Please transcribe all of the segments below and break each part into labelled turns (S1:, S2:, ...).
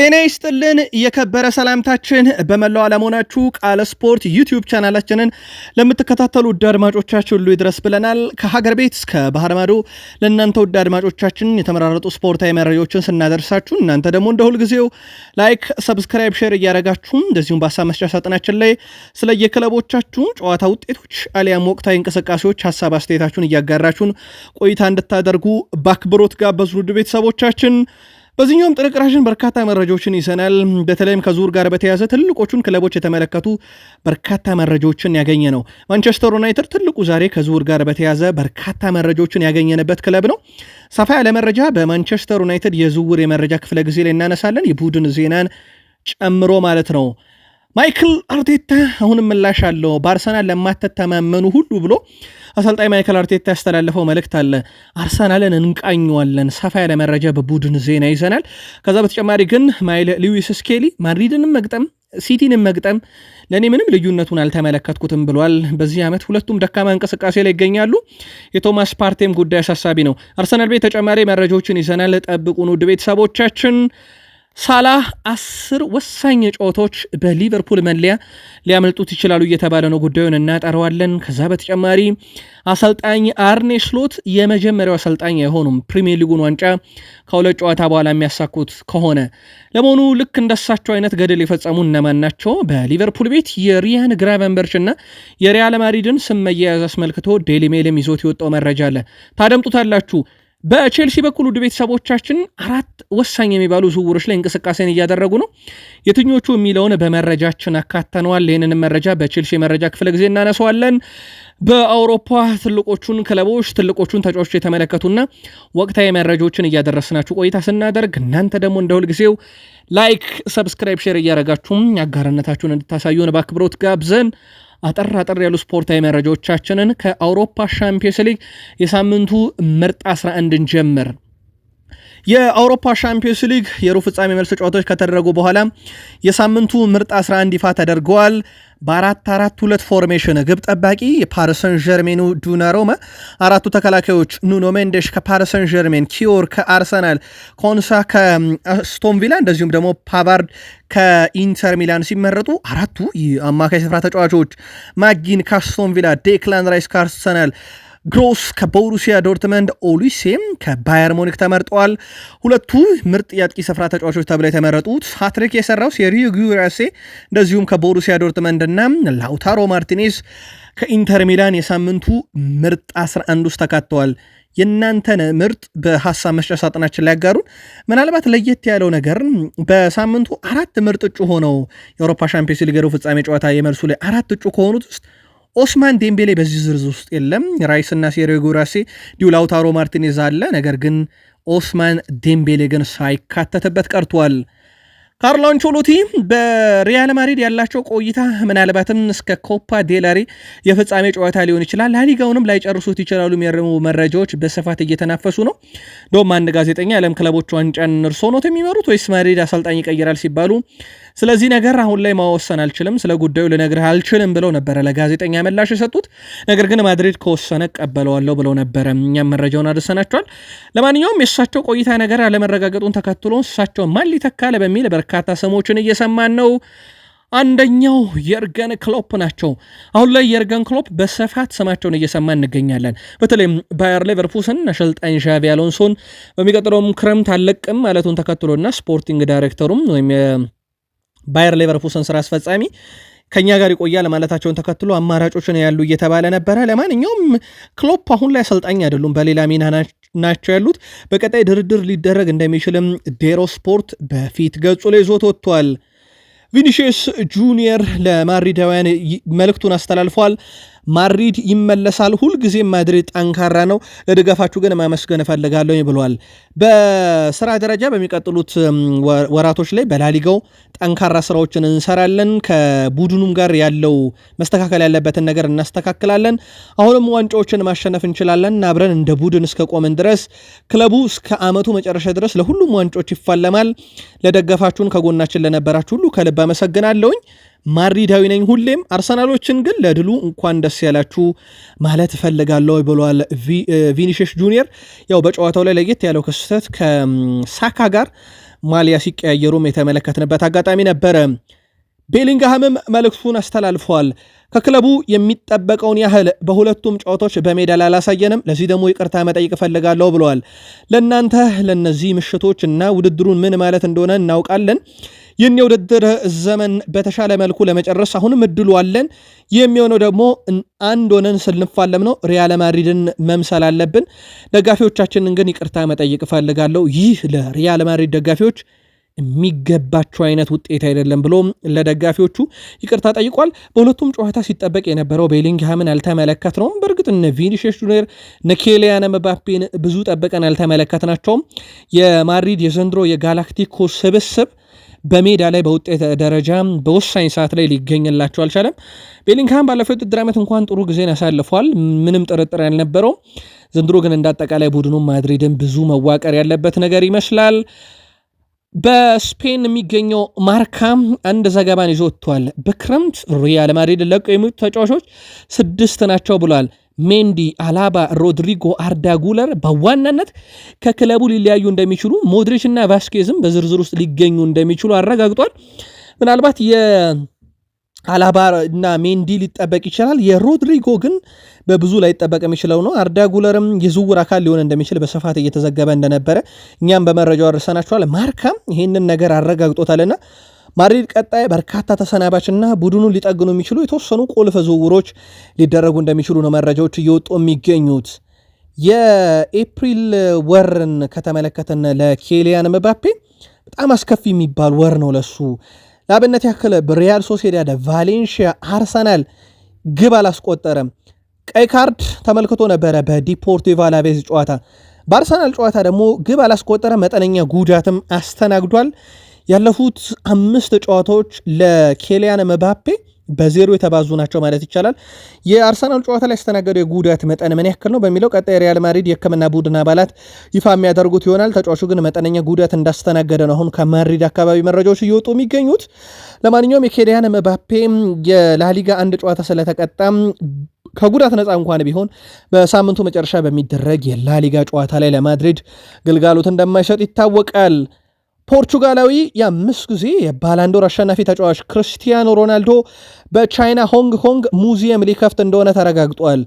S1: ጤና ይስጥልን የከበረ ሰላምታችን በመላው ዓለም ሆናችሁ ቃለ ስፖርት ዩቲዩብ ቻናላችንን ለምትከታተሉ ውድ አድማጮቻችን ሁሉ ይድረስ ብለናል። ከሀገር ቤት እስከ ባህር ማዶ ለእናንተ ውድ አድማጮቻችን የተመራረጡ ስፖርታዊ መረጃዎችን ስናደርሳችሁ እናንተ ደግሞ እንደ ሁልጊዜው ላይክ፣ ሰብስክራይብ፣ ሼር እያደረጋችሁ እንደዚሁም በሀሳብ መስጫ ሳጥናችን ላይ ስለ የክለቦቻችሁ ጨዋታ ውጤቶች አሊያም ወቅታዊ እንቅስቃሴዎች ሀሳብ አስተያየታችሁን እያጋራችሁን ቆይታ እንድታደርጉ በአክብሮት ጋበዝን ውድ ቤተሰቦቻችን። በዚህኛውም ጥርቅራችን በርካታ መረጃዎችን ይዘናል። በተለይም ከዙር ጋር በተያዘ ትልቆቹን ክለቦች የተመለከቱ በርካታ መረጃዎችን ያገኘ ነው። ማንቸስተር ዩናይትድ ትልቁ ዛሬ ከዙር ጋር በተያዘ በርካታ መረጃዎችን ያገኘንበት ክለብ ነው። ሰፋ ያለ መረጃ በማንቸስተር ዩናይትድ የዝውውር የመረጃ ክፍለ ጊዜ ላይ እናነሳለን፣ የቡድን ዜናን ጨምሮ ማለት ነው። ማይክል አርቴታ አሁንም ምላሽ አለው። በአርሰናል ለማትተማመኑ ሁሉ ብሎ አሰልጣኝ ማይክል አርቴታ ያስተላለፈው መልእክት አለ። አርሰናልን እንቃኘዋለን፣ ሰፋ ያለ መረጃ በቡድን ዜና ይዘናል። ከዛ በተጨማሪ ግን ማይል ሊዊስ ስኬሊ ማድሪድንም መግጠም ሲቲንም መግጠም ለእኔ ምንም ልዩነቱን አልተመለከትኩትም ብሏል። በዚህ ዓመት ሁለቱም ደካማ እንቅስቃሴ ላይ ይገኛሉ። የቶማስ ፓርቴም ጉዳይ አሳሳቢ ነው። አርሰናል ቤት ተጨማሪ መረጃዎችን ይዘናል። ጠብቁን ውድ ቤተሰቦቻችን። ሳላህ አስር ወሳኝ ጨዋታዎች በሊቨርፑል መለያ ሊያመልጡት ይችላሉ እየተባለ ነው። ጉዳዩን እናጠረዋለን። ከዛ በተጨማሪ አሰልጣኝ አርኔ ስሎት የመጀመሪያው አሰልጣኝ አይሆኑም ፕሪሚየር ሊጉን ዋንጫ ከሁለት ጨዋታ በኋላ የሚያሳኩት ከሆነ። ለመሆኑ ልክ እንደሳቸው አይነት ገደል የፈጸሙ እነማን ናቸው? በሊቨርፑል ቤት የሪያን ግራቨንበርች እና የሪያል ማድሪድን ስም መያያዝ አስመልክቶ ዴሊ ሜልም ይዞት የወጣው መረጃ አለ። ታደምጡታላችሁ። በቼልሲ በኩል ውድ ቤተሰቦቻችን አራት ወሳኝ የሚባሉ ዝውውሮች ላይ እንቅስቃሴን እያደረጉ ነው። የትኞቹ የሚለውን በመረጃችን አካተነዋል። ይህንን መረጃ በቼልሲ መረጃ ክፍለ ጊዜ እናነሰዋለን። በአውሮፓ ትልቆቹን ክለቦች ትልቆቹን ተጫዋቾች የተመለከቱና ወቅታዊ መረጃዎችን እያደረስናችሁ ቆይታ ስናደርግ እናንተ ደግሞ እንደ ሁልጊዜው ላይክ፣ ሰብስክራይብ፣ ሼር እያደረጋችሁም አጋርነታችሁን እንድታሳዩን በአክብሮት ጋብዘን አጠር አጠር ያሉ ስፖርታዊ መረጃዎቻችንን ከአውሮፓ ሻምፒየንስ ሊግ የሳምንቱ ምርጥ 11ን ጀምር። የአውሮፓ ሻምፒዮንስ ሊግ የሩብ ፍጻሜ መልስ ጨዋታዎች ከተደረጉ በኋላ የሳምንቱ ምርጥ 11 ይፋ ተደርገዋል። በአራት አራት ሁለት ፎርሜሽን ግብ ጠባቂ የፓሪሰን ጀርሜኑ ዱናሮማ፣ አራቱ ተከላካዮች ኑኖ ሜንዴሽ ከፓሪሰን ጀርሜን፣ ኪዮር ከአርሰናል፣ ኮንሳ ከአስቶን ቪላ እንደዚሁም ደግሞ ፓቫርድ ከኢንተር ሚላን ሲመረጡ አራቱ የአማካይ ስፍራ ተጫዋቾች ማጊን ከአስቶን ቪላ፣ ዴክላን ራይስ ከአርሰናል ግሮስ ከቦሩሲያ ዶርትመንድ፣ ኦሉሴም ከባየር ሞኒክ ተመርጠዋል። ሁለቱ ምርጥ የአጥቂ ስፍራ ተጫዋቾች ተብለው የተመረጡት ሀትሪክ የሰራው ሴሪዮ ጉራሴ እንደዚሁም ከቦሩሲያ ዶርትመንድ እና ላውታሮ ማርቲኔዝ ከኢንተር ሚላን የሳምንቱ ምርጥ 11 ውስጥ ተካተዋል። የእናንተን ምርጥ በሀሳብ መስጫ ሳጥናችን ላይ ያጋሩን። ምናልባት ለየት ያለው ነገር በሳምንቱ አራት ምርጥ እጩ ሆነው የአውሮፓ ሻምፒዮንስ ሊግ ፍጻሜ ጨዋታ የመልሱ ላይ አራት እጩ ከሆኑት ውስጥ ኦስማን ዴምቤሌ በዚህ ዝርዝር ውስጥ የለም። ራይስና ሴሬ ጎራሴ እንዲሁ ላውታሮ ማርቲኔዝ አለ። ነገር ግን ኦስማን ዴምቤሌ ግን ሳይካተትበት ቀርቷል። ካርሎ አንቾሎቲ በሪያል ማድሪድ ያላቸው ቆይታ ምናልባትም እስከ ኮፓ ዴላሬ የፍጻሜ ጨዋታ ሊሆን ይችላል፣ ላሊጋውንም ላይጨርሱት ይችላሉ የሚያርሙ መረጃዎች በስፋት እየተናፈሱ ነው። እንደውም አንድ ጋዜጠኛ የዓለም ክለቦች ዋንጫን እርሶ ኖት የሚመሩት ወይስ ማድሪድ አሰልጣኝ ይቀይራል ሲባሉ ስለዚህ ነገር አሁን ላይ ማወሰን አልችልም፣ ስለ ጉዳዩ ልነግርህ አልችልም ብለው ነበረ ለጋዜጠኛ ምላሽ የሰጡት። ነገር ግን ማድሪድ ከወሰነ ቀበለዋለሁ ብለው ነበረ። እኛም መረጃውን አድርሰናቸዋል። ለማንኛውም የእሳቸው ቆይታ ነገር አለመረጋገጡን ተከትሎ እሳቸው ማን ሊተካለ በሚል በርካ በርካታ ስሞችን እየሰማን ነው። አንደኛው የርገን ክሎፕ ናቸው። አሁን ላይ የርገን ክሎፕ በስፋት ስማቸውን እየሰማ እንገኛለን። በተለይም ባየር ሌቨርፑስን አሰልጣኝ ዣቪ አሎንሶን በሚቀጥለውም ክረምት አለቅም ማለቱን ተከትሎና ስፖርቲንግ ዳይሬክተሩም ወይም የባየር ሌቨርፑስን ስራ አስፈጻሚ ከኛ ጋር ይቆያል ማለታቸውን ተከትሎ አማራጮችን ያሉ እየተባለ ነበረ። ለማንኛውም ክሎፕ አሁን ላይ አሰልጣኝ አይደሉም፣ በሌላ ሚና ናቸው ያሉት። በቀጣይ ድርድር ሊደረግ እንደሚችልም ዴሮ ስፖርት በፊት ገጹ ላይ ይዞት ወጥቷል። ቪኒሽስ ጁኒየር ለማድሪዳውያን መልእክቱን አስተላልፏል። ማድሪድ ይመለሳል። ሁልጊዜ ማድሪድ ጠንካራ ነው። ለድጋፋችሁ ግን ማመስገን እፈልጋለሁ ብሏል። በስራ ደረጃ በሚቀጥሉት ወራቶች ላይ በላሊጋው ጠንካራ ስራዎችን እንሰራለን። ከቡድኑም ጋር ያለው መስተካከል ያለበትን ነገር እናስተካክላለን። አሁንም ዋንጫዎችን ማሸነፍ እንችላለን። አብረን እንደ ቡድን እስከ ቆምን ድረስ ክለቡ እስከ አመቱ መጨረሻ ድረስ ለሁሉም ዋንጫዎች ይፋለማል። ለደገፋችሁን ከጎናችን ለነበራችሁ ሁሉ ከልብ አመሰግናለሁኝ። ማድሪዳዊ ነኝ ሁሌም። አርሰናሎችን ግን ለድሉ እንኳን ደስ ያላችሁ ማለት እፈልጋለሁ ብሏል ቪኒሽስ ጁኒየር። ያው በጨዋታው ላይ ለየት ያለው ክስተት ከሳካ ጋር ማሊያ ሲቀያየሩም የተመለከትንበት አጋጣሚ ነበረ። ቤሊንግሃምም መልእክቱን አስተላልፏል። ከክለቡ የሚጠበቀውን ያህል በሁለቱም ጨዋታዎች በሜዳ ላይ አላሳየንም፣ ለዚህ ደግሞ ይቅርታ መጠይቅ እፈልጋለሁ ብለዋል። ለእናንተ ለእነዚህ ምሽቶች እና ውድድሩን ምን ማለት እንደሆነ እናውቃለን ይህን የውድድር ዘመን በተሻለ መልኩ ለመጨረስ አሁንም እድሉ አለን። የሚሆነው ደግሞ አንድ ሆነን ስንፋለም ነው። ሪያል ማድሪድን መምሰል አለብን። ደጋፊዎቻችንን ግን ይቅርታ መጠየቅ እፈልጋለሁ። ይህ ለሪያል ማድሪድ ደጋፊዎች የሚገባቸው አይነት ውጤት አይደለም ብሎ ለደጋፊዎቹ ይቅርታ ጠይቋል። በሁለቱም ጨዋታ ሲጠበቅ የነበረው ቤሊንግሃምን አልተመለከትነውም። በእርግጥ እነ ቪኒሽስ ጁኒየር እነ ኬሊያን ምባፔን ብዙ ጠብቀን አልተመለከትናቸውም። የማድሪድ የዘንድሮ የጋላክቲኮ ስብስብ በሜዳ ላይ በውጤት ደረጃ በወሳኝ ሰዓት ላይ ሊገኝላቸው አልቻለም። ቤሊንግሃም ባለፈው ውድድር ዓመት እንኳን ጥሩ ጊዜን ያሳልፏል፣ ምንም ጥርጥር ያልነበረው። ዘንድሮ ግን እንደ አጠቃላይ ቡድኑ ማድሪድን ብዙ መዋቀር ያለበት ነገር ይመስላል። በስፔን የሚገኘው ማርካ አንድ ዘገባን ይዞ ወጥቷል። በክረምት ሪያል ማድሪድ ለቀው የሚወጡ ተጫዋቾች ስድስት ናቸው ብሏል። ሜንዲ፣ አላባ፣ ሮድሪጎ፣ አርዳ ጉለር በዋናነት ከክለቡ ሊለያዩ እንደሚችሉ ሞድሪች እና ቫስኬዝም በዝርዝር ውስጥ ሊገኙ እንደሚችሉ አረጋግጧል። ምናልባት የአላባ እና ሜንዲ ሊጠበቅ ይችላል። የሮድሪጎ ግን በብዙ ላይ ጠበቅ የሚችለው ነው። አርዳ ጉለርም የዝውውር አካል ሊሆን እንደሚችል በስፋት እየተዘገበ እንደነበረ እኛም በመረጃው አድርሰናችኋል። ማርካም ይህንን ነገር አረጋግጦታልና ማድሪድ ቀጣይ በርካታ ተሰናባችና ቡድኑን ሊጠግኑ የሚችሉ የተወሰኑ ቁልፍ ዝውውሮች ሊደረጉ እንደሚችሉ ነው መረጃዎች እየወጡ የሚገኙት። የኤፕሪል ወርን ከተመለከተን ለኬሊያን መባፔ በጣም አስከፊ የሚባል ወር ነው ለሱ። ለአብነት ያክል በሪያል ሶሴዳድ፣ ቫሌንሺያ፣ አርሰናል ግብ አላስቆጠረም። ቀይ ካርድ ተመልክቶ ነበረ በዲፖርቲቮ አላቬዝ ጨዋታ። በአርሰናል ጨዋታ ደግሞ ግብ አላስቆጠረም፣ መጠነኛ ጉዳትም አስተናግዷል። ያለፉት አምስት ጨዋታዎች ለኬሊያን መባፔ በዜሮ የተባዙ ናቸው ማለት ይቻላል። የአርሰናል ጨዋታ ላይ ያስተናገደው የጉዳት መጠን ምን ያክል ነው በሚለው ቀጣይ ሪያል ማድሪድ የሕክምና ቡድን አባላት ይፋ የሚያደርጉት ይሆናል። ተጫዋቹ ግን መጠነኛ ጉዳት እንዳስተናገደ ነው አሁን ከማድሪድ አካባቢ መረጃዎች እየወጡ የሚገኙት። ለማንኛውም የኬሊያን መባፔ የላሊጋ አንድ ጨዋታ ስለተቀጣም ከጉዳት ነፃ እንኳን ቢሆን በሳምንቱ መጨረሻ በሚደረግ የላሊጋ ጨዋታ ላይ ለማድሪድ ግልጋሎት እንደማይሰጥ ይታወቃል። ፖርቹጋላዊ የአምስት ጊዜ የባላንዶር አሸናፊ ተጫዋች ክርስቲያኖ ሮናልዶ በቻይና ሆንግ ኮንግ ሙዚየም ሊከፍት እንደሆነ ተረጋግጧል።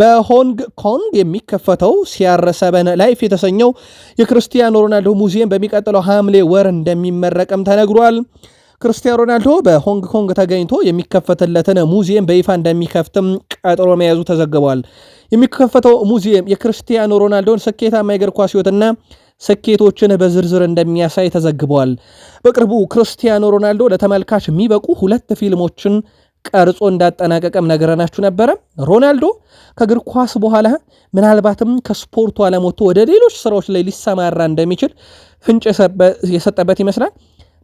S1: በሆንግ ኮንግ የሚከፈተው ሲያረሰበን ላይፍ የተሰኘው የክርስቲያኖ ሮናልዶ ሙዚየም በሚቀጥለው ሐምሌ ወር እንደሚመረቅም ተነግሯል። ክርስቲያኖ ሮናልዶ በሆንግ ኮንግ ተገኝቶ የሚከፈትለትን ሙዚየም በይፋ እንደሚከፍትም ቀጠሮ መያዙ ተዘግቧል። የሚከፈተው ሙዚየም የክርስቲያኖ ሮናልዶን ስኬታማ የእግር ኳስ ሕይወትና ስኬቶችን በዝርዝር እንደሚያሳይ ተዘግቧል። በቅርቡ ክርስቲያኖ ሮናልዶ ለተመልካች የሚበቁ ሁለት ፊልሞችን ቀርጾ እንዳጠናቀቀም ነገረናችሁ ነበረ። ሮናልዶ ከእግር ኳስ በኋላ ምናልባትም ከስፖርቱ ዓለም ወጥቶ ወደ ሌሎች ስራዎች ላይ ሊሰማራ እንደሚችል ፍንጭ የሰጠበት ይመስላል።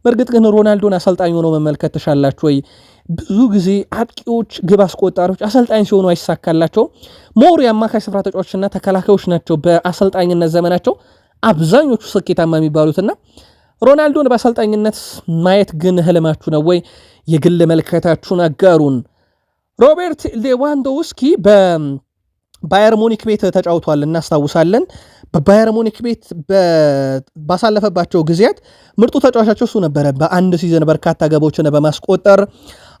S1: በእርግጥ ግን ሮናልዶን አሰልጣኝ ሆኖ መመልከት ትሻላችሁ ወይ? ብዙ ጊዜ አጥቂዎች፣ ግብ አስቆጣሪዎች አሰልጣኝ ሲሆኑ አይሳካላቸው ሞር የአማካይ ስፍራ ተጫዋቾችና ተከላካዮች ናቸው በአሰልጣኝነት ዘመናቸው አብዛኞቹ ስኬታማ የሚባሉትና ሮናልዶን በአሰልጣኝነት ማየት ግን ህልማችሁ ነው ወይ? የግል መልከታችሁን አጋሩን። ሮበርት ሌዋንዶውስኪ በ ባየር ሙኒክ ቤት ተጫውቷል እናስታውሳለን። በባየር ሙኒክ ቤት ባሳለፈባቸው ጊዜያት ምርጡ ተጫዋቻቸው እሱ ነበረ። በአንድ ሲዘን በርካታ ገቦችን በማስቆጠር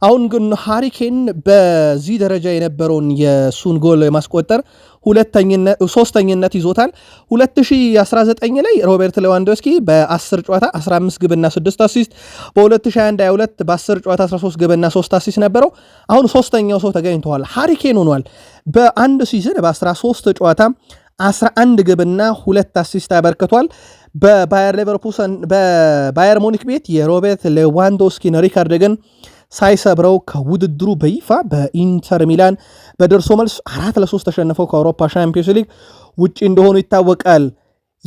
S1: አሁን ግን ሃሪኬን በዚህ ደረጃ የነበረውን የሱን ጎል የማስቆጠር ሶስተኝነት ይዞታል። 2019 ላይ ሮቤርት ሌዋንዶስኪ በ10 ጨዋታ 15 ግብና 6 አሲስት፣ በ2021/22 በ10 ጨዋታ 13 ግብና 3 አሲስት ነበረው። አሁን ሶስተኛው ሰው ተገኝተዋል፣ ሃሪኬን ሆኗል። በአንድ ሲዝን በ13 ጨዋታ 11 ግብና ሁለት አሲስት አበርክቷል። በባየር ሌቨርኩሰን በባየር ሙኒክ ቤት የሮቤርት ሌዋንዶስኪን ሪካርድ ግን ሳይሰብረው ከውድድሩ በይፋ በኢንተር ሚላን በደርሶ መልስ አራት ለሶስት ተሸንፈው ከአውሮፓ ሻምፒዮንስ ሊግ ውጪ እንደሆኑ ይታወቃል።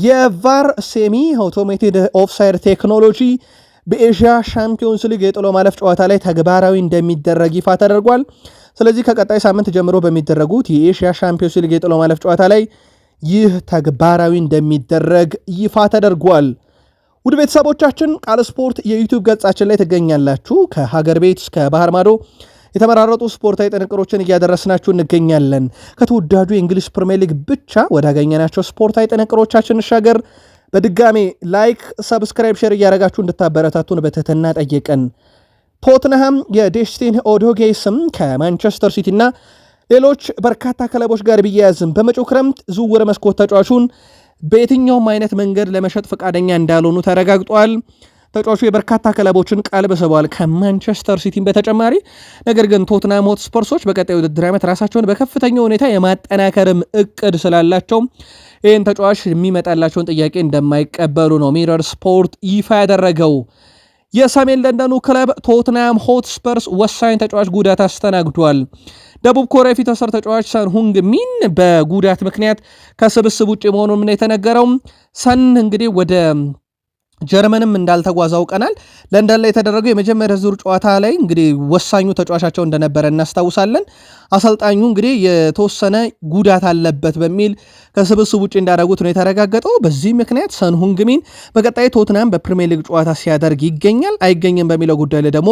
S1: የቫር ሴሚ አውቶሜትድ ኦፍሳይድ ቴክኖሎጂ በኤዥያ ሻምፒዮንስ ሊግ የጥሎ ማለፍ ጨዋታ ላይ ተግባራዊ እንደሚደረግ ይፋ ተደርጓል። ስለዚህ ከቀጣይ ሳምንት ጀምሮ በሚደረጉት የኤሽያ ሻምፒዮንስ ሊግ የጥሎ ማለፍ ጨዋታ ላይ ይህ ተግባራዊ እንደሚደረግ ይፋ ተደርጓል። ውድ ቤተሰቦቻችን ቃል ስፖርት የዩቱብ ገጻችን ላይ ትገኛላችሁ። ከሀገር ቤት እስከ ባህር ማዶ የተመራረጡ ስፖርታዊ ጥንቅሮችን እያደረስናችሁ እንገኛለን። ከተወዳጁ የእንግሊዝ ፕሪምየር ሊግ ብቻ ወዳገኘናቸው ስፖርታዊ ጥንቅሮቻችን እንሻገር። በድጋሜ ላይክ፣ ሰብስክራይብ፣ ሼር እያደረጋችሁ እንድታበረታቱን በትህትና ጠየቀን። ቶትንሃም የዴስቲን ኦዶጌ ስም ከማንቸስተር ሲቲና ሌሎች በርካታ ክለቦች ጋር ቢያያዝም በመጪው ክረምት ዝውውር መስኮት ተጫዋቹን በየትኛውም አይነት መንገድ ለመሸጥ ፈቃደኛ እንዳልሆኑ ተረጋግጧል። ተጫዋቹ የበርካታ ክለቦችን ቀልብ ስቧል ከማንቸስተር ሲቲም በተጨማሪ። ነገር ግን ቶትናም ሆትስፐርሶች በቀጣይ ውድድር ዓመት ራሳቸውን በከፍተኛ ሁኔታ የማጠናከርም እቅድ ስላላቸው ይህን ተጫዋች የሚመጣላቸውን ጥያቄ እንደማይቀበሉ ነው ሚረር ስፖርት ይፋ ያደረገው። የሰሜን ለንደኑ ክለብ ቶትናም ሆትስፐርስ ወሳኝ ተጫዋች ጉዳት አስተናግዷል። ደቡብ ኮሪያ የፊት አስር ተጫዋች ሁንግ ሚን በጉዳት ምክንያት ከስብስብ ውጭ መሆኑን ነው የተነገረው። ሰን እንግዲህ ወደ ጀርመንም እንዳልተጓዝ አውቀናል። ለንደን ላይ የተደረገው የመጀመሪያ ዙር ጨዋታ ላይ እንግዲህ ወሳኙ ተጫዋቻቸው እንደነበረ እናስታውሳለን። አሰልጣኙ እንግዲህ የተወሰነ ጉዳት አለበት በሚል ከስብስብ ውጭ እንዳደረጉት ነው የተረጋገጠው። በዚህ ምክንያት ሰንሁንግሚን በቀጣይ ቶትናም በፕሪሚየር ሊግ ጨዋታ ሲያደርግ ይገኛል አይገኝም በሚለው ጉዳይ ላይ ደግሞ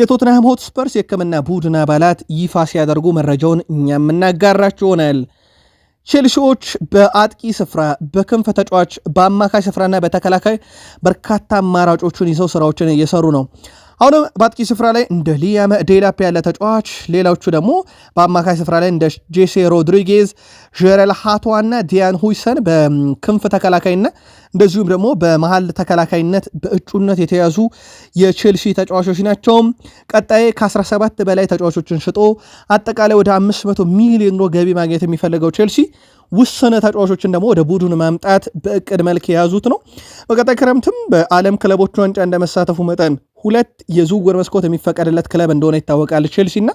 S1: የቶትናም ሆትስፐርስ የሕክምና ቡድን አባላት ይፋ ሲያደርጉ መረጃውን እኛም እናጋራችሁ ይሆናል። ቼልሲዎች በአጥቂ ስፍራ በክንፍ ተጫዋች በአማካይ ስፍራና በተከላካይ በርካታ አማራጮቹን ይዘው ስራዎችን እየሰሩ ነው። አሁንም በአጥቂ ስፍራ ላይ እንደ ሊያም ዴላፕ ያለ ተጫዋች፣ ሌሎቹ ደግሞ በአማካይ ስፍራ ላይ እንደ ጄሴ ሮድሪጌዝ፣ ጀረል ሃቷና ዲያን ሁይሰን በክንፍ ተከላካይና እንደዚሁም ደግሞ በመሀል ተከላካይነት በእጩነት የተያዙ የቼልሲ ተጫዋቾች ናቸው። ቀጣይ ከ17 በላይ ተጫዋቾችን ሽጦ አጠቃላይ ወደ 500 ሚሊዮን ዩሮ ገቢ ማግኘት የሚፈልገው ቼልሲ ውስነ ተጫዋቾችን ደግሞ ወደ ቡድን ማምጣት በእቅድ መልክ የያዙት ነው። በቀጣይ ክረምትም በዓለም ክለቦች ዋንጫ እንደመሳተፉ መጠን ሁለት የዝውውር መስኮት የሚፈቀድለት ክለብ እንደሆነ ይታወቃል። ቼልሲና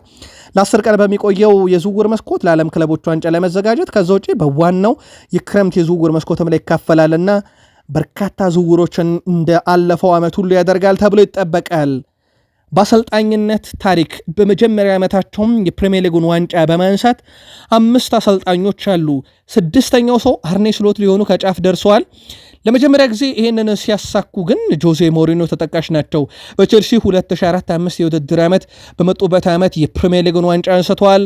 S1: ለአስር ቀን በሚቆየው የዝውውር መስኮት ለዓለም ክለቦች ዋንጫ ለመዘጋጀት ከዛ ውጪ በዋናው የክረምት የዝውውር መስኮትም ላይ ይካፈላልና በርካታ ዝውውሮችን እንደ አለፈው ዓመት ሁሉ ያደርጋል ተብሎ ይጠበቃል። በአሰልጣኝነት ታሪክ በመጀመሪያ ዓመታቸውም የፕሪሚየር ሊጉን ዋንጫ በማንሳት አምስት አሰልጣኞች አሉ። ስድስተኛው ሰው አርኔ ስሎት ሊሆኑ ከጫፍ ደርሰዋል። ለመጀመሪያ ጊዜ ይህንን ሲያሳኩ ግን ጆዜ ሞሪኖ ተጠቃሽ ናቸው። በቼልሲ 2045 የውድድር ዓመት በመጡበት ዓመት የፕሪሚየር ሊግን ዋንጫ አንስተዋል።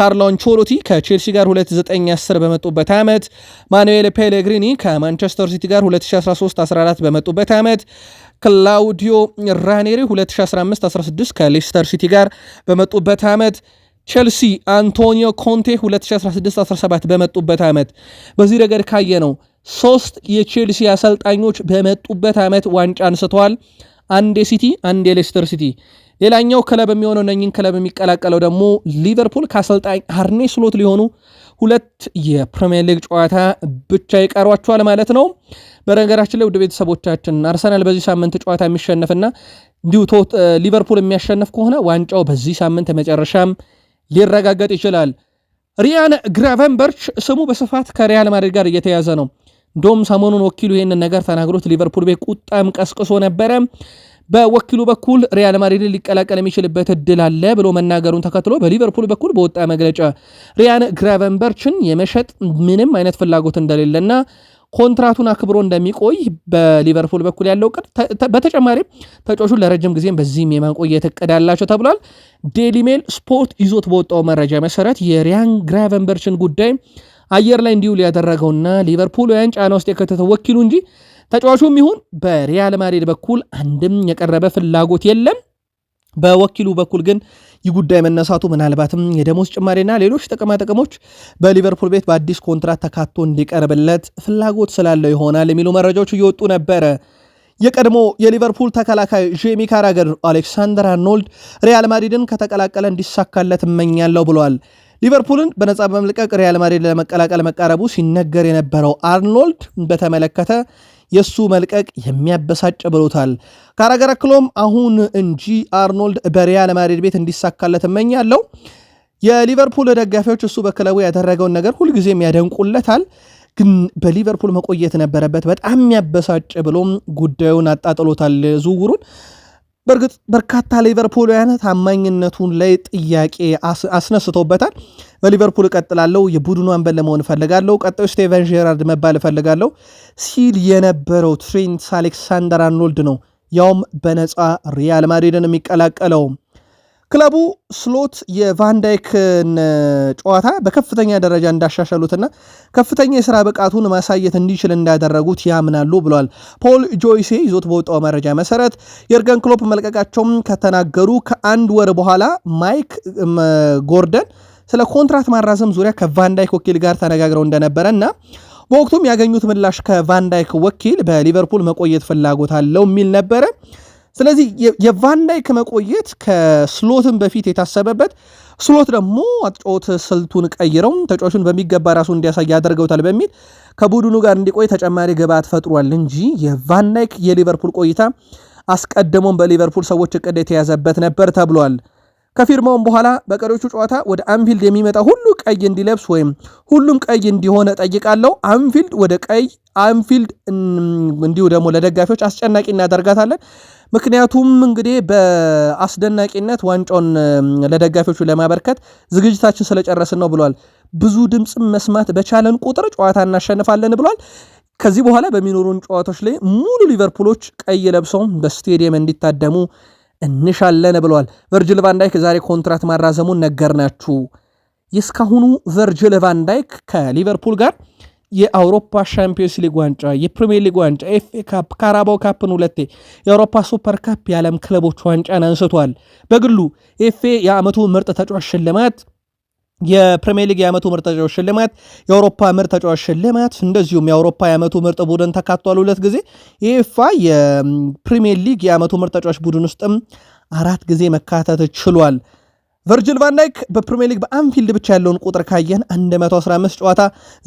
S1: ካርሎ አንቾሎቲ ከቼልሲ ጋር 2910 በመጡበት ዓመት፣ ማኑኤል ፔሌግሪኒ ከማንቸስተር ሲቲ ጋር 2013/14 በመጡበት ዓመት ክላውዲዮ ራኔሪ 2015/16 ከሌስተር ሲቲ ጋር በመጡበት ዓመት ቼልሲ አንቶኒዮ ኮንቴ 2016/17 በመጡበት ዓመት በዚህ ረገድ ካየ ነው ሶስት የቼልሲ አሰልጣኞች በመጡበት ዓመት ዋንጫ አንስተዋል። አንድ የሲቲ አንድ የሌስተር ሲቲ። ሌላኛው ክለብ የሚሆነው እነኝን ክለብ የሚቀላቀለው ደግሞ ሊቨርፑል ከአሰልጣኝ አርኔ ስሎት ሊሆኑ ሁለት የፕሪምየር ሊግ ጨዋታ ብቻ ይቀሯቸዋል ማለት ነው። በነገራችን ላይ ውድ ቤተሰቦቻችን አርሰናል በዚህ ሳምንት ጨዋታ የሚሸነፍና እንዲሁ ሊቨርፑል የሚያሸንፍ ከሆነ ዋንጫው በዚህ ሳምንት መጨረሻም ሊረጋገጥ ይችላል። ሪያን ግራቨንበርች ስሙ በስፋት ከሪያል ማድሪድ ጋር እየተያዘ ነው። ዶም ሰሞኑን ወኪሉ ይህንን ነገር ተናግሮት ሊቨርፑል ቤት ቁጣም ቀስቅሶ ነበረ። በወኪሉ በኩል ሪያል ማድሪድን ሊቀላቀል የሚችልበት እድል አለ ብሎ መናገሩን ተከትሎ በሊቨርፑል በኩል በወጣ መግለጫ ሪያን ግራቨንበርችን የመሸጥ ምንም አይነት ፍላጎት እንደሌለና ኮንትራቱን አክብሮ እንደሚቆይ በሊቨርፑል በኩል ያለው ቅድ በተጨማሪም ተጫዋቹን ለረጅም ጊዜም በዚህም የማቆየት እቅድ አላቸው ተብሏል። ዴሊ ሜል ስፖርት ይዞት በወጣው መረጃ መሰረት የሪያን ግራቨንበርችን ጉዳይ አየር ላይ እንዲውል ያደረገውና ሊቨርፑልን ጫና ውስጥ የከተተው ወኪሉ እንጂ ተጫዋቹም ይሁን በሪያል ማድሪድ በኩል አንድም የቀረበ ፍላጎት የለም። በወኪሉ በኩል ግን ይህ ጉዳይ መነሳቱ ምናልባትም የደሞዝ ጭማሪና ሌሎች ጥቅማ ጥቅሞች በሊቨርፑል ቤት በአዲስ ኮንትራት ተካቶ እንዲቀርብለት ፍላጎት ስላለው ይሆናል የሚሉ መረጃዎች እየወጡ ነበረ። የቀድሞ የሊቨርፑል ተከላካይ ጄሚ ካራገር አሌክሳንደር አርኖልድ ሪያል ማድሪድን ከተቀላቀለ እንዲሳካለት እመኛለሁ ብሏል። ሊቨርፑልን በነፃ በመልቀቅ ሪያል ማድሪድ ለመቀላቀል መቃረቡ ሲነገር የነበረው አርኖልድ በተመለከተ የእሱ መልቀቅ የሚያበሳጭ ብሎታል። ካራገር አክሎም አሁን እንጂ አርኖልድ በሪያል ማድሪድ ቤት እንዲሳካለት እመኛለሁ። የሊቨርፑል ደጋፊዎች እሱ በክለቡ ያደረገውን ነገር ሁልጊዜም ያደንቁለታል፣ ግን በሊቨርፑል መቆየት ነበረበት፣ በጣም የሚያበሳጭ ብሎም ጉዳዩን አጣጥሎታል ዝውውሩን በእርግጥ በርካታ ሊቨርፑልውያን ታማኝነቱን ላይ ጥያቄ አስነስቶበታል። በሊቨርፑል እቀጥላለሁ፣ የቡድኑ አንበል ለመሆን እፈልጋለሁ፣ ቀጣዩ ስቴቨን ጄራርድ መባል እፈልጋለሁ ሲል የነበረው ትሬንት አሌክሳንደር አርኖልድ ነው። ያውም በነፃ ሪያል ማድሪድን የሚቀላቀለው ክለቡ ስሎት የቫንዳይክን ጨዋታ በከፍተኛ ደረጃ እንዳሻሻሉትና ከፍተኛ የስራ ብቃቱን ማሳየት እንዲችል እንዳደረጉት ያምናሉ ብሏል። ፖል ጆይሴ ይዞት በወጣው መረጃ መሰረት የርገን ክሎፕ መልቀቃቸውም ከተናገሩ ከአንድ ወር በኋላ ማይክ ጎርደን ስለ ኮንትራት ማራዘም ዙሪያ ከቫንዳይክ ወኪል ጋር ተነጋግረው እንደነበረ እና በወቅቱም ያገኙት ምላሽ ከቫንዳይክ ወኪል በሊቨርፑል መቆየት ፍላጎት አለው የሚል ነበረ። ስለዚህ የቫንዳይ መቆየት ከስሎትን በፊት የታሰበበት ስሎት ደግሞ አጫወት ስልቱን ቀይረው ተጫዋቹን በሚገባ ራሱ እንዲያሳይ ያደርገውታል በሚል ከቡድኑ ጋር እንዲቆይ ተጨማሪ ግብዓት ፈጥሯል እንጂ የቫንዳይክ የሊቨርፑል ቆይታ አስቀድሞም በሊቨርፑል ሰዎች እቅድ የተያዘበት ነበር ተብሏል። ከፊርማውም በኋላ በቀሪዎቹ ጨዋታ ወደ አንፊልድ የሚመጣ ሁሉ ቀይ እንዲለብስ ወይም ሁሉም ቀይ እንዲሆነ ጠይቃለሁ። አንፊልድ ወደ ቀይ አንፊልድ እንዲሁ ደግሞ ለደጋፊዎች አስጨናቂ እናደርጋታለን። ምክንያቱም እንግዲህ በአስደናቂነት ዋንጫውን ለደጋፊዎቹ ለማበርከት ዝግጅታችን ስለጨረስን ነው ብሏል። ብዙ ድምፅ መስማት በቻለን ቁጥር ጨዋታ እናሸንፋለን ብሏል። ከዚህ በኋላ በሚኖሩን ጨዋታዎች ላይ ሙሉ ሊቨርፑሎች ቀይ ለብሰው በስቴዲየም እንዲታደሙ እንሻለን ብሏል። ቨርጅል ቫንዳይክ ዛሬ ኮንትራት ማራዘሙን ነገርናችሁ። የእስካሁኑ ቨርጅል ቫንዳይክ ከሊቨርፑል ጋር የአውሮፓ ሻምፒዮንስ ሊግ ዋንጫ፣ የፕሪሚየር ሊግ ዋንጫ፣ ኤፍኤ ካፕ፣ ካራባው ካፕን ሁለቴ፣ የአውሮፓ ሱፐር ካፕ፣ የዓለም ክለቦች ዋንጫን አንስቷል። በግሉ ኤፍኤ የዓመቱ ምርጥ ተጫዋች ሽልማት፣ የፕሪሚየር ሊግ የዓመቱ ምርጥ ተጫዋች ሽልማት፣ የአውሮፓ ምርጥ ተጫዋች ሽልማት እንደዚሁም የአውሮፓ የዓመቱ ምርጥ ቡድን ተካቷል ሁለት ጊዜ። የኤፋ የፕሪሚየር ሊግ የዓመቱ ምርጥ ተጫዋች ቡድን ውስጥም አራት ጊዜ መካተት ችሏል። ቨርጅል ቫን ዳይክ በፕሪሚየር ሊግ በአንፊልድ ብቻ ያለውን ቁጥር ካየን 115 ጨዋታ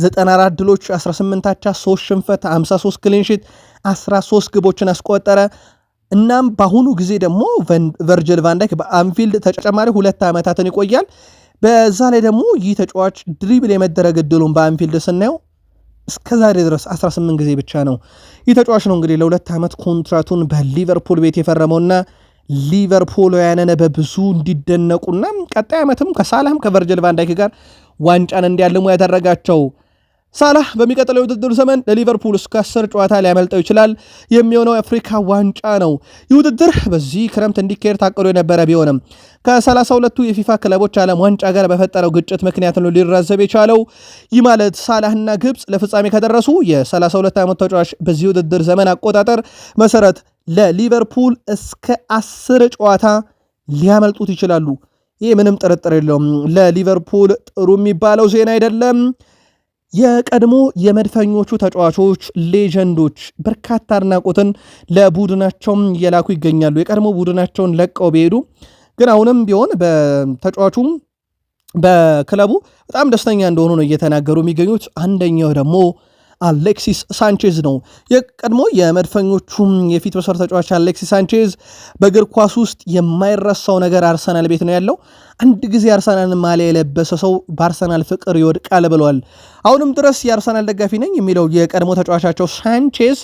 S1: 94 ድሎች፣ 18 አቻ፣ 3 ሽንፈት፣ 53 ክሊንሺት፣ 13 ግቦችን አስቆጠረ። እናም በአሁኑ ጊዜ ደግሞ ቨርጅል ቫንዳይክ በአንፊልድ ተጨማሪ ሁለት ዓመታትን ይቆያል። በዛ ላይ ደግሞ ይህ ተጫዋች ድሪብል የመደረግ እድሉን በአንፊልድ ስናየው እስከ ዛሬ ድረስ 18 ጊዜ ብቻ ነው። ይህ ተጫዋች ነው እንግዲህ ለሁለት ዓመት ኮንትራቱን በሊቨርፑል ቤት የፈረመውና ሊቨርፑልውያንን በብዙ እንዲደነቁና ቀጣይ ዓመትም ከሳላህም ከቨርጅል ቫንዳይክ ጋር ዋንጫን እንዲያልሙ ያደረጋቸው ሳላህ በሚቀጥለው የውድድር ዘመን ለሊቨርፑል እስከ አስር ጨዋታ ሊያመልጠው ይችላል። የሚሆነው የአፍሪካ ዋንጫ ነው። ይህ ውድድር በዚህ ክረምት እንዲካሄድ ታቅዶ የነበረ ቢሆንም ከ 32 የፊፋ ክለቦች ዓለም ዋንጫ ጋር በፈጠረው ግጭት ምክንያት ነው ሊራዘብ የቻለው። ይህ ማለት ሳላህና ግብፅ ለፍጻሜ ከደረሱ የ32 ዓመት ተጫዋች በዚህ ውድድር ዘመን አቆጣጠር መሰረት ለሊቨርፑል እስከ አስር ጨዋታ ሊያመልጡት ይችላሉ። ይህ ምንም ጥርጥር የለውም። ለሊቨርፑል ጥሩ የሚባለው ዜና አይደለም። የቀድሞ የመድፈኞቹ ተጫዋቾች ሌጀንዶች በርካታ አድናቆትን ለቡድናቸውም እየላኩ ይገኛሉ። የቀድሞ ቡድናቸውን ለቀው ቢሄዱ ግን አሁንም ቢሆን በተጫዋቹም በክለቡ በጣም ደስተኛ እንደሆኑ ነው እየተናገሩ የሚገኙት። አንደኛው ደግሞ አሌክሲስ ሳንቼዝ ነው። የቀድሞ የመድፈኞቹ የፊት መስመር ተጫዋች አሌክሲስ ሳንቼዝ በእግር ኳስ ውስጥ የማይረሳው ነገር አርሰናል ቤት ነው ያለው። አንድ ጊዜ አርሰናል ማሊያ የለበሰ ሰው በአርሰናል ፍቅር ይወድቃል ብለዋል። አሁንም ድረስ የአርሰናል ደጋፊ ነኝ የሚለው የቀድሞ ተጫዋቻቸው ሳንቼዝ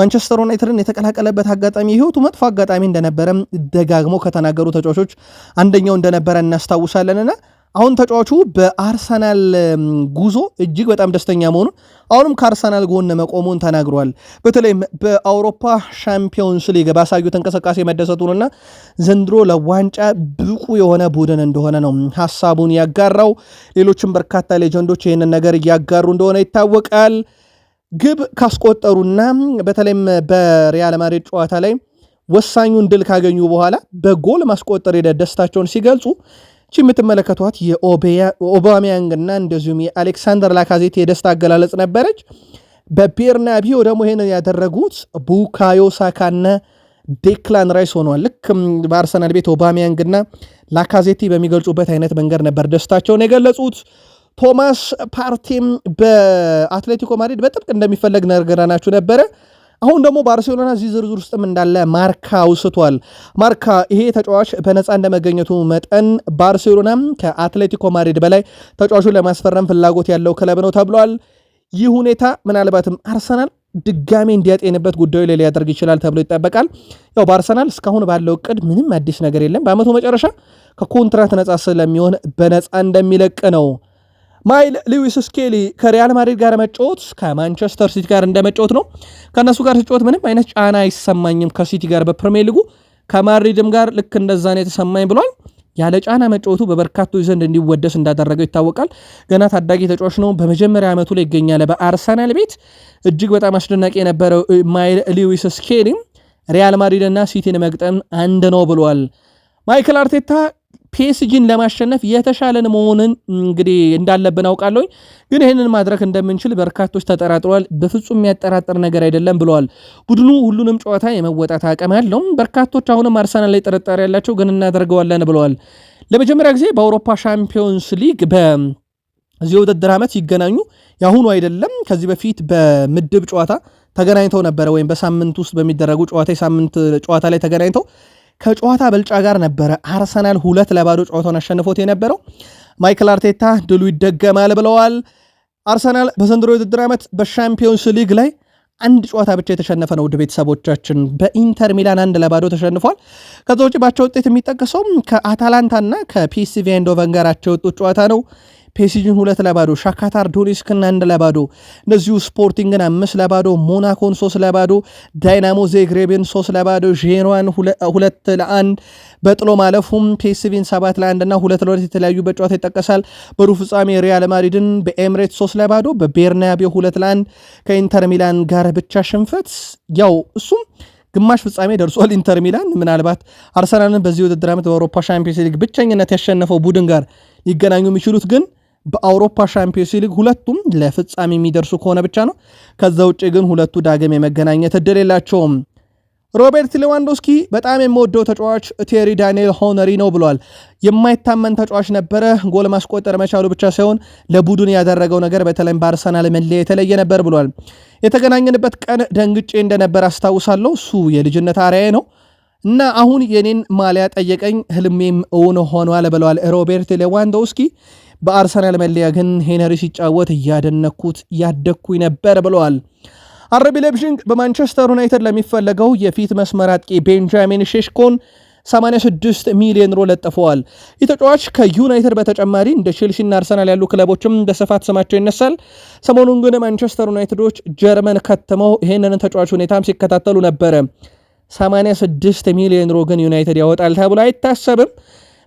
S1: ማንቸስተር ዩናይትድን የተቀላቀለበት አጋጣሚ የህይወቱ መጥፎ አጋጣሚ እንደነበረ ደጋግሞ ከተናገሩ ተጫዋቾች አንደኛው እንደነበረ እናስታውሳለንና አሁን ተጫዋቹ በአርሰናል ጉዞ እጅግ በጣም ደስተኛ መሆኑን አሁንም ከአርሰናል ጎን መቆሙን ተናግሯል። በተለይም በአውሮፓ ሻምፒዮንስ ሊግ ባሳዩት እንቅስቃሴ መደሰቱንና ዘንድሮ ለዋንጫ ብቁ የሆነ ቡድን እንደሆነ ነው ሀሳቡን ያጋራው። ሌሎችም በርካታ ሌጀንዶች ይህንን ነገር እያጋሩ እንደሆነ ይታወቃል። ግብ ካስቆጠሩና በተለይም በሪያል ማድሪድ ጨዋታ ላይ ወሳኙን ድል ካገኙ በኋላ በጎል ማስቆጠር ሂደት ደስታቸውን ሲገልጹ ይች የምትመለከቷት የኦባሚያንግና እንደዚሁም የአሌክሳንደር ላካዜት የደስታ አገላለጽ ነበረች። በቤርናቢዮ ደግሞ ይሄንን ያደረጉት ቡካዮ ሳካና ዴክላን ራይስ ሆኗል። ልክ በአርሰናል ቤት ኦባሚያንግና ላካዜቲ በሚገልጹበት አይነት መንገድ ነበር ደስታቸውን የገለጹት። ቶማስ ፓርቲም በአትሌቲኮ ማድሪድ በጥብቅ እንደሚፈለግ ነገራናችሁ ነበረ። አሁን ደግሞ ባርሴሎና እዚህ ዝርዝር ውስጥም እንዳለ ማርካ አውስቷል። ማርካ ይሄ ተጫዋች በነፃ እንደመገኘቱ መጠን ባርሴሎና ከአትሌቲኮ ማድሪድ በላይ ተጫዋቹን ለማስፈረም ፍላጎት ያለው ክለብ ነው ተብሏል። ይህ ሁኔታ ምናልባትም አርሰናል ድጋሜ እንዲያጤንበት ጉዳዩ ላይ ሊያደርግ ይችላል ተብሎ ይጠበቃል። ያው በአርሰናል እስካሁን ባለው እቅድ ምንም አዲስ ነገር የለም። በአመቱ መጨረሻ ከኮንትራት ነጻ ስለሚሆን በነፃ እንደሚለቅ ነው ማይል ሊዊስ ስኬሊ ከሪያል ማድሪድ ጋር መጫወት ከማንቸስተር ሲቲ ጋር እንደመጫወት ነው። ከእነሱ ጋር ስጫወት ምንም አይነት ጫና አይሰማኝም፣ ከሲቲ ጋር በፕሪሚየር ሊጉ ከማድሪድም ጋር ልክ እንደዛ ነው የተሰማኝ ብሏል። ያለ ጫና መጫወቱ በበርካቶች ዘንድ እንዲወደስ እንዳደረገው ይታወቃል። ገና ታዳጊ ተጫዋች ነው። በመጀመሪያ ዓመቱ ላይ ይገኛል። በአርሰናል ቤት እጅግ በጣም አስደናቂ የነበረው ማይል ሊዊስ ስኬሊ ሪያል ማድሪድና ሲቲን መግጠም አንድ ነው ብሏል። ማይክል አርቴታ ፒኤስጂን ለማሸነፍ የተሻለን መሆንን እንግዲህ እንዳለብን አውቃለሁኝ፣ ግን ይህንን ማድረግ እንደምንችል በርካቶች ተጠራጥሯል በፍጹም የሚያጠራጥር ነገር አይደለም ብለዋል። ቡድኑ ሁሉንም ጨዋታ የመወጣት አቅም ያለው፣ በርካቶች አሁንም አርሰናል ላይ ጥርጣሬ ያላቸው ግን እናደርገዋለን ብለዋል። ለመጀመሪያ ጊዜ በአውሮፓ ሻምፒዮንስ ሊግ በ እዚህ ውድድር ዓመት ሲገናኙ የአሁኑ አይደለም። ከዚህ በፊት በምድብ ጨዋታ ተገናኝተው ነበረ ወይም በሳምንት ውስጥ በሚደረጉ ጨዋታ የሳምንት ጨዋታ ላይ ተገናኝተው ከጨዋታ ብልጫ ጋር ነበረ አርሰናል ሁለት ለባዶ ጨዋታውን አሸንፎት የነበረው። ማይክል አርቴታ ድሉ ይደገማል ብለዋል። አርሰናል በዘንድሮ የውድድር ዓመት በሻምፒዮንስ ሊግ ላይ አንድ ጨዋታ ብቻ የተሸነፈ ነው። ውድ ቤተሰቦቻችን በኢንተር ሚላን አንድ ለባዶ ተሸንፏል። ከዛ ውጭ ባቸው ውጤት የሚጠቀሰውም ከአታላንታና ከፒሲቪ አይንዶቨን ጋር አቻ የወጡት ጨዋታ ነው። ፔሲጅን ሁለት ለባዶ ሻካታር ዶኔስክን አንድ ለባዶ እንደዚሁ ስፖርቲንግን አምስት ለባዶ ሞናኮን ሶስት ለባዶ ዳይናሞ ዜግሬብን ሶስት ለባዶ ዤኗን ሁለት ለአንድ በጥሎ ማለፉም ፒኤስቪን ሰባት ለአንድ እና ሁለት ለሁለት የተለያዩ በጨዋታ ይጠቀሳል። በሩብ ፍጻሜ ሪያል ማድሪድን በኤምሬት ሶስት ለባዶ በቤርናቤው ሁለት ለአንድ ከኢንተር ሚላን ጋር ብቻ ሽንፈት ያው እሱም ግማሽ ፍጻሜ ደርሷል። ኢንተር ሚላን ምናልባት አርሰናልን በዚህ ውድድር ዓመት በአውሮፓ ሻምፒዮንስ ሊግ ብቸኝነት ያሸነፈው ቡድን ጋር ሊገናኙ የሚችሉት ግን በአውሮፓ ሻምፒዮንስ ሊግ ሁለቱም ለፍጻሜ የሚደርሱ ከሆነ ብቻ ነው። ከዛ ውጭ ግን ሁለቱ ዳግም የመገናኘት እድል የላቸውም። ሮቤርት ሌዋንዶስኪ በጣም የምወደው ተጫዋች ቴሪ ዳንኤል ሆነሪ ነው ብሏል። የማይታመን ተጫዋች ነበረ። ጎል ማስቆጠር መቻሉ ብቻ ሳይሆን ለቡድን ያደረገው ነገር በተለይም በአርሰናል መለያ የተለየ ነበር ብሏል። የተገናኘንበት ቀን ደንግጬ እንደነበር አስታውሳለሁ። እሱ የልጅነት አርያዬ ነው እና አሁን የኔን ማሊያ ጠየቀኝ፣ ህልሜም እውን ሆኗል ብለዋል ሮቤርት ሌዋንዶስኪ በአርሰናል መለያ ግን ሄነሪ ሲጫወት እያደነኩት ያደግኩኝ ነበር ብለዋል። አረቢ ሌብዥንግ በማንቸስተር ዩናይትድ ለሚፈለገው የፊት መስመር አጥቂ ቤንጃሚን ሼሽኮን 86 ሚሊዮን ዩሮ ለጥፈዋል። ይህ ተጫዋች ከዩናይትድ በተጨማሪ እንደ ቼልሲና አርሰናል ያሉ ክለቦችም በስፋት ስማቸው ይነሳል። ሰሞኑን ግን ማንቸስተር ዩናይትዶች ጀርመን ከትመው ይህንን ተጫዋች ሁኔታም ሲከታተሉ ነበረ። 86 ሚሊዮን ዩሮ ግን ዩናይትድ ያወጣል ተብሎ አይታሰብም።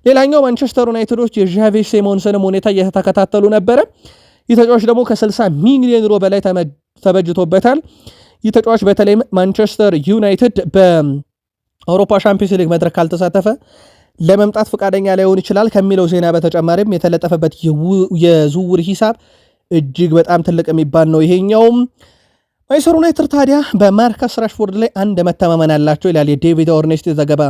S1: ሌላኛው ማንቸስተር ዩናይትዶች የዣቬ ሲሞንስንም ሁኔታ እየተከታተሉ ነበረ። ይህ ተጫዋች ደግሞ ከ60 ሚሊዮን ዩሮ በላይ ተበጅቶበታል። ይህ ተጫዋች በተለይ ማንቸስተር ዩናይትድ በአውሮፓ ሻምፒዮንስ ሊግ መድረክ ካልተሳተፈ ለመምጣት ፈቃደኛ ላይሆን ይችላል ከሚለው ዜና በተጨማሪም የተለጠፈበት የዝውውር ሂሳብ እጅግ በጣም ትልቅ የሚባል ነው። ይሄኛውም ማንቸስተር ዩናይትድ ታዲያ በማርከስ ራሽፎርድ ላይ አንድ መተማመን ያላቸው ይላል የዴቪድ ኦርኔስት ዘገባ።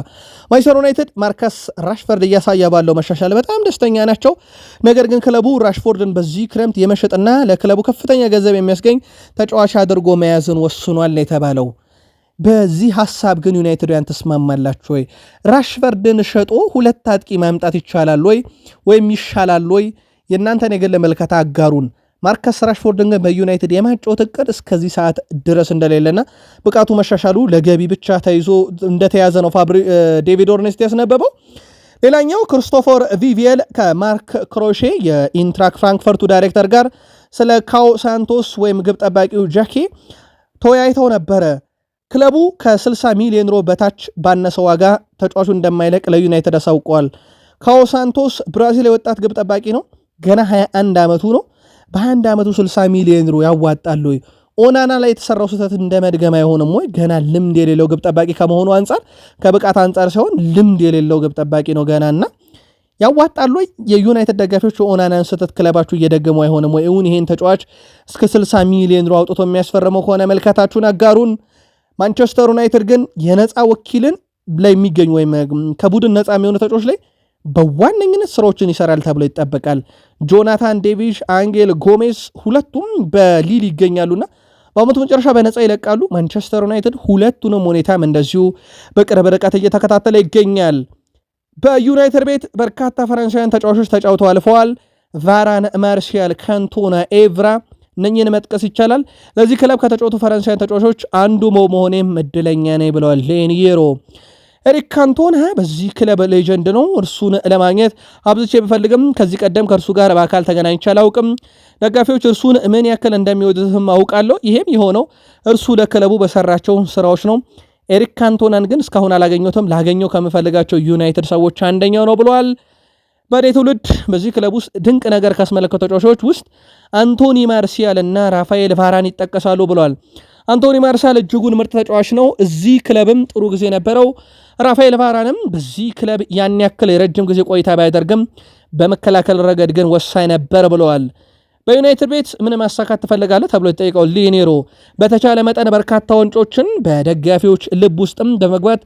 S1: ማንቸስተር ዩናይትድ ማርከስ ራሽፎርድ እያሳየ ባለው መሻሻል በጣም ደስተኛ ናቸው። ነገር ግን ክለቡ ራሽፎርድን በዚህ ክረምት የመሸጥና ለክለቡ ከፍተኛ ገንዘብ የሚያስገኝ ተጫዋች አድርጎ መያዝን ወስኗል ነው የተባለው። በዚህ ሀሳብ ግን ዩናይትድውያን ተስማማላችሁ ወይ? ራሽፈርድን ሸጦ ሁለት አጥቂ ማምጣት ይቻላል ወይ ወይም ይሻላል ወይ? የእናንተን የግል መልከታ አጋሩን። ማርከስ ራሽፎርድን ግን በዩናይትድ የማጫወት እቅድ እስከዚህ ሰዓት ድረስ እንደሌለና ብቃቱ መሻሻሉ ለገቢ ብቻ ተይዞ እንደተያዘ ነው ዴቪድ ኦርኔስት ያስነበበው። ሌላኛው ክርስቶፈር ቪቪል ከማርክ ክሮሼ የኢንትራክ ፍራንክፈርቱ ዳይሬክተር ጋር ስለ ካው ሳንቶስ ወይም ግብ ጠባቂው ጃኬ ተወያይተው ነበረ። ክለቡ ከ60 ሚሊዮን ሮ በታች ባነሰ ዋጋ ተጫዋቹ እንደማይለቅ ለዩናይትድ አሳውቀዋል። ካው ሳንቶስ ብራዚል የወጣት ግብ ጠባቂ ነው። ገና 21 ዓመቱ ነው። በአንድ 21 ዓመቱ 60 ሚሊዮን ሮ ያዋጣሉ። ኦናና ላይ የተሰራው ስህተት እንደ መድገም አይሆንም ወይ? ገና ልምድ የሌለው ግብ ጠባቂ ከመሆኑ አንጻር ከብቃት አንጻር ሲሆን ልምድ የሌለው ግብ ጠባቂ ነው ገናና ያዋጣሉ የዩናይትድ ደጋፊዎች የኦናናን ስህተት ክለባችሁ እየደገሙ አይሆንም ወይ? እውን ይሄን ተጫዋች እስከ 60 ሚሊዮን ሮ አውጥቶ የሚያስፈርመው ከሆነ መልካታችሁን አጋሩን። ማንቸስተር ዩናይትድ ግን የነፃ ወኪልን ላይ የሚገኙ ወይም ከቡድን ነፃ የሚሆኑ ተጫዋች ላይ በዋነኝነት ስራዎችን ይሰራል ተብሎ ይጠበቃል። ጆናታን ዴቪሽ፣ አንጌል ጎሜስ ሁለቱም በሊል ይገኛሉና በአመቱ መጨረሻ በነፃ ይለቃሉ። ማንቸስተር ዩናይትድ ሁለቱንም ሁኔታም እንደዚሁ በቅርብ ርቀት እየተከታተለ ይገኛል። በዩናይትድ ቤት በርካታ ፈረንሳውያን ተጫዋቾች ተጫውተው አልፈዋል። ቫራን፣ ማርሲያል፣ ካንቶና፣ ኤቭራ እነኝህን መጥቀስ ይቻላል። ለዚህ ክለብ ከተጫወቱ ፈረንሳውያን ተጫዋቾች አንዱ መሆኔም እድለኛ ነኝ ብለዋል ሌኒየሮ። ኤሪክ ካንቶና በዚህ ክለብ ሌጀንድ ነው። እርሱን ለማግኘት አብዝቼ ብፈልግም ከዚህ ቀደም ከእርሱ ጋር በአካል ተገናኝቼ አላውቅም። ደጋፊዎች እርሱን ምን ያክል እንደሚወዱትም አውቃለሁ። ይሄም የሆነው እርሱ ለክለቡ በሰራቸው ስራዎች ነው። ኤሪክ ካንቶናን ግን እስካሁን አላገኘሁትም። ላገኘው ከምፈልጋቸው ዩናይትድ ሰዎች አንደኛው ነው ብሏል። በእኔ ትውልድ በዚህ ክለብ ውስጥ ድንቅ ነገር ካስመለከቱ ተጫዋቾች ውስጥ አንቶኒ ማርሲያል እና ራፋኤል ቫራን ይጠቀሳሉ ብሏል። አንቶኒ ማርሲያል እጅጉን ምርጥ ተጫዋች ነው። እዚህ ክለብም ጥሩ ጊዜ ነበረው። ራፋኤል ቫራንም በዚህ ክለብ ያን ያክል የረጅም ጊዜ ቆይታ ባያደርግም በመከላከል ረገድ ግን ወሳኝ ነበር ብለዋል። በዩናይትድ ቤት ምን ማሳካት ትፈልጋለህ ተብሎ የተጠየቀው ሊኔሮ በተቻለ መጠን በርካታ ወንጮችን በደጋፊዎች ልብ ውስጥም በመግባት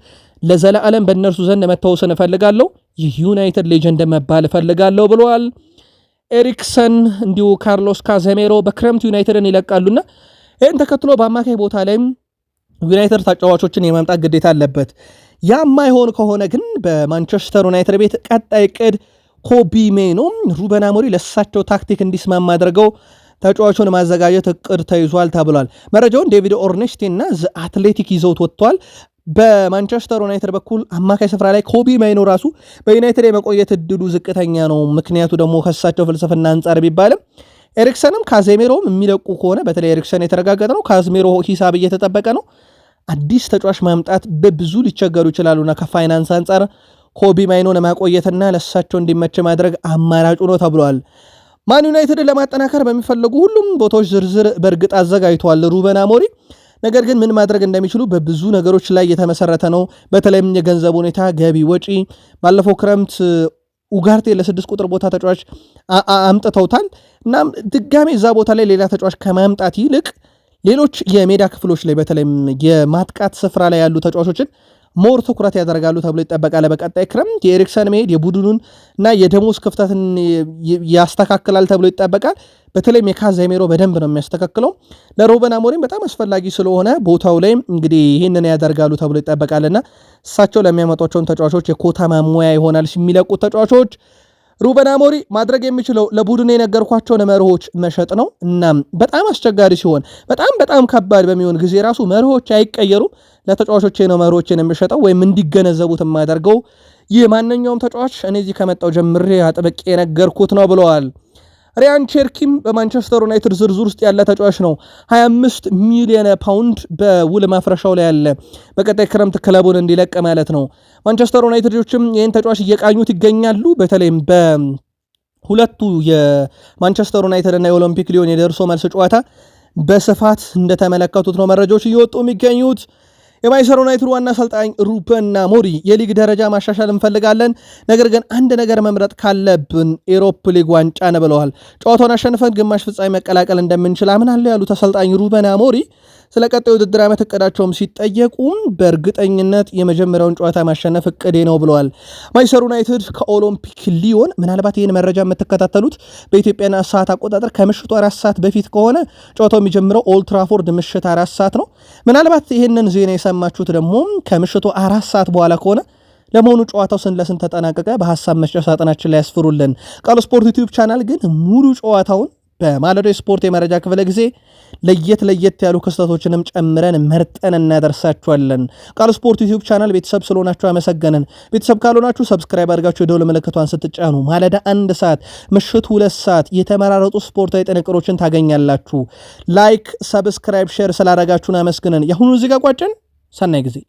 S1: ለዘላለም በእነርሱ ዘንድ መታወስን እፈልጋለሁ፣ የዩናይትድ ሌጀንድ መባል እፈልጋለሁ ብለዋል። ኤሪክሰን እንዲሁ ካርሎስ ካዘሜሮ በክረምት ዩናይትድን ይለቃሉና ይህን ተከትሎ በአማካይ ቦታ ላይም ዩናይትድ ተጫዋቾችን የማምጣት ግዴታ አለበት። የማይሆን ከሆነ ግን በማንቸስተር ዩናይትድ ቤት ቀጣይ ቅድ ኮቢ ሜኖ ሩበን አሞሪ ለሳቸው ታክቲክ እንዲስማማ አድርገው ተጫዋቹን ማዘጋጀት እቅድ ተይዟል ተብሏል። መረጃውን ዴቪድ ኦርኔስቲ እና አትሌቲክ ይዘውት ወጥቷል። በማንቸስተር ዩናይትድ በኩል አማካይ ስፍራ ላይ ኮቢ ማይኖ ራሱ በዩናይትድ የመቆየት እድሉ ዝቅተኛ ነው። ምክንያቱ ደግሞ ከሳቸው ፍልስፍና አንጻር ቢባልም ኤሪክሰንም ካዜሜሮም የሚለቁ ከሆነ በተለይ ኤሪክሰን የተረጋገጠ ነው። ካዝሜሮ ሂሳብ እየተጠበቀ ነው። አዲስ ተጫዋች ማምጣት በብዙ ሊቸገሩ ይችላሉና ከፋይናንስ አንጻር ኮቢ ማይኖን ማቆየትና ለእሳቸው እንዲመች ማድረግ አማራጩ ነው ተብሏል። ማን ዩናይትድን ለማጠናከር በሚፈለጉ ሁሉም ቦታዎች ዝርዝር በእርግጥ አዘጋጅተዋል ሩበን አሞሪ። ነገር ግን ምን ማድረግ እንደሚችሉ በብዙ ነገሮች ላይ የተመሰረተ ነው። በተለይም የገንዘብ ሁኔታ፣ ገቢ፣ ወጪ። ባለፈው ክረምት ኡጋርቴ ለስድስት ቁጥር ቦታ ተጫዋች አምጥተውታል። እናም ድጋሜ እዛ ቦታ ላይ ሌላ ተጫዋች ከማምጣት ይልቅ ሌሎች የሜዳ ክፍሎች ላይ በተለይም የማጥቃት ስፍራ ላይ ያሉ ተጫዋቾችን ሞር ትኩረት ያደርጋሉ ተብሎ ይጠበቃል። በቀጣይ ክረምት የኤሪክሰን መሄድ የቡድኑን እና የደሞዝ ክፍተትን ያስተካክላል ተብሎ ይጠበቃል። በተለይም የካዛሜሮ በደንብ ነው የሚያስተካክለው። ለሮበን አሞሪም በጣም አስፈላጊ ስለሆነ ቦታው ላይ እንግዲህ ይህንን ያደርጋሉ ተብሎ ይጠበቃልና እሳቸው ለሚያመጧቸውን ተጫዋቾች የኮታ ማሙያ ይሆናል የሚለቁት ተጫዋቾች ሩበን አሞሪ ማድረግ የሚችለው ለቡድን የነገርኳቸውን መርሆች መሸጥ ነው። እናም በጣም አስቸጋሪ ሲሆን፣ በጣም በጣም ከባድ በሚሆን ጊዜ ራሱ መርሆች አይቀየሩም። ለተጫዋቾቼ ነው መርሆችን የምሸጠው ወይም እንዲገነዘቡት የማደርገው ይህ ማንኛውም ተጫዋች እኔ እዚህ ከመጣው ጀምሬ አጥብቄ የነገርኩት ነው ብለዋል። ሪያን ቼርኪም በማንቸስተር ዩናይትድ ዝርዝር ውስጥ ያለ ተጫዋች ነው። 25 ሚሊዮን ፓውንድ በውል ማፍረሻው ላይ ያለ በቀጣይ ክረምት ክለቡን እንዲለቅ ማለት ነው። ማንቸስተር ዩናይትዶችም ይህን ተጫዋች እየቃኙት ይገኛሉ። በተለይም በ ሁለቱ የማንቸስተር ዩናይትድ እና የኦሎምፒክ ሊዮን የደርሶ መልስ ጨዋታ በስፋት እንደተመለከቱት ነው መረጃዎች እየወጡ የሚገኙት። የማይሰር ዩናይትድ ዋና አሰልጣኝ ሩበን ሞሪ የሊግ ደረጃ ማሻሻል እንፈልጋለን፣ ነገር ግን አንድ ነገር መምረጥ ካለብን ኤሮፕ ሊግ ዋንጫ ነው ብለዋል። ጨዋታውን አሸንፈን ግማሽ ፍጻሜ መቀላቀል እንደምንችል አምናለሁ ያሉት አሰልጣኝ ሩበን አሞሪም ስለ ቀጣዩ ውድድር ዓመት እቅዳቸውም ሲጠየቁም በእርግጠኝነት የመጀመሪያውን ጨዋታ ማሸነፍ እቅዴ ነው ብለዋል። ማንችስተር ዩናይትድ ከኦሎምፒክ ሊዮን ምናልባት ይህን መረጃ የምትከታተሉት በኢትዮጵያና ሰዓት አቆጣጠር ከምሽቱ አራት ሰዓት በፊት ከሆነ ጨዋታው የሚጀምረው ኦልትራፎርድ ምሽት አራት ሰዓት ነው። ምናልባት ይህንን ዜና የሰማችሁት ደግሞ ከምሽቱ አራት ሰዓት በኋላ ከሆነ ለመሆኑ ጨዋታው ስን ለስን ተጠናቀቀ? በሀሳብ መስጫ ሳጥናችን ላይ ያስፍሩልን። ቃል ስፖርት ዩቲዩብ ቻናል ግን ሙሉ ጨዋታውን በማለዶ የስፖርት የመረጃ ክፍለ ጊዜ ለየት ለየት ያሉ ክስተቶችንም ጨምረን መርጠን እናደርሳችኋለን። ቃል ስፖርት ዩቲዩብ ቻናል ቤተሰብ ስለሆናችሁ አመሰገንን። ቤተሰብ ካልሆናችሁ ሰብስክራይብ አድርጋችሁ የደውል ምልክቷን ስትጫኑ ማለዳ አንድ ሰዓት፣ ምሽት ሁለት ሰዓት የተመራረጡ ስፖርታዊ ጥንቅሮችን ታገኛላችሁ። ላይክ፣ ሰብስክራይብ፣ ሼር ስላደረጋችሁን አመስግነን የአሁኑ እዚህ ቋጭን። ሰናይ ጊዜ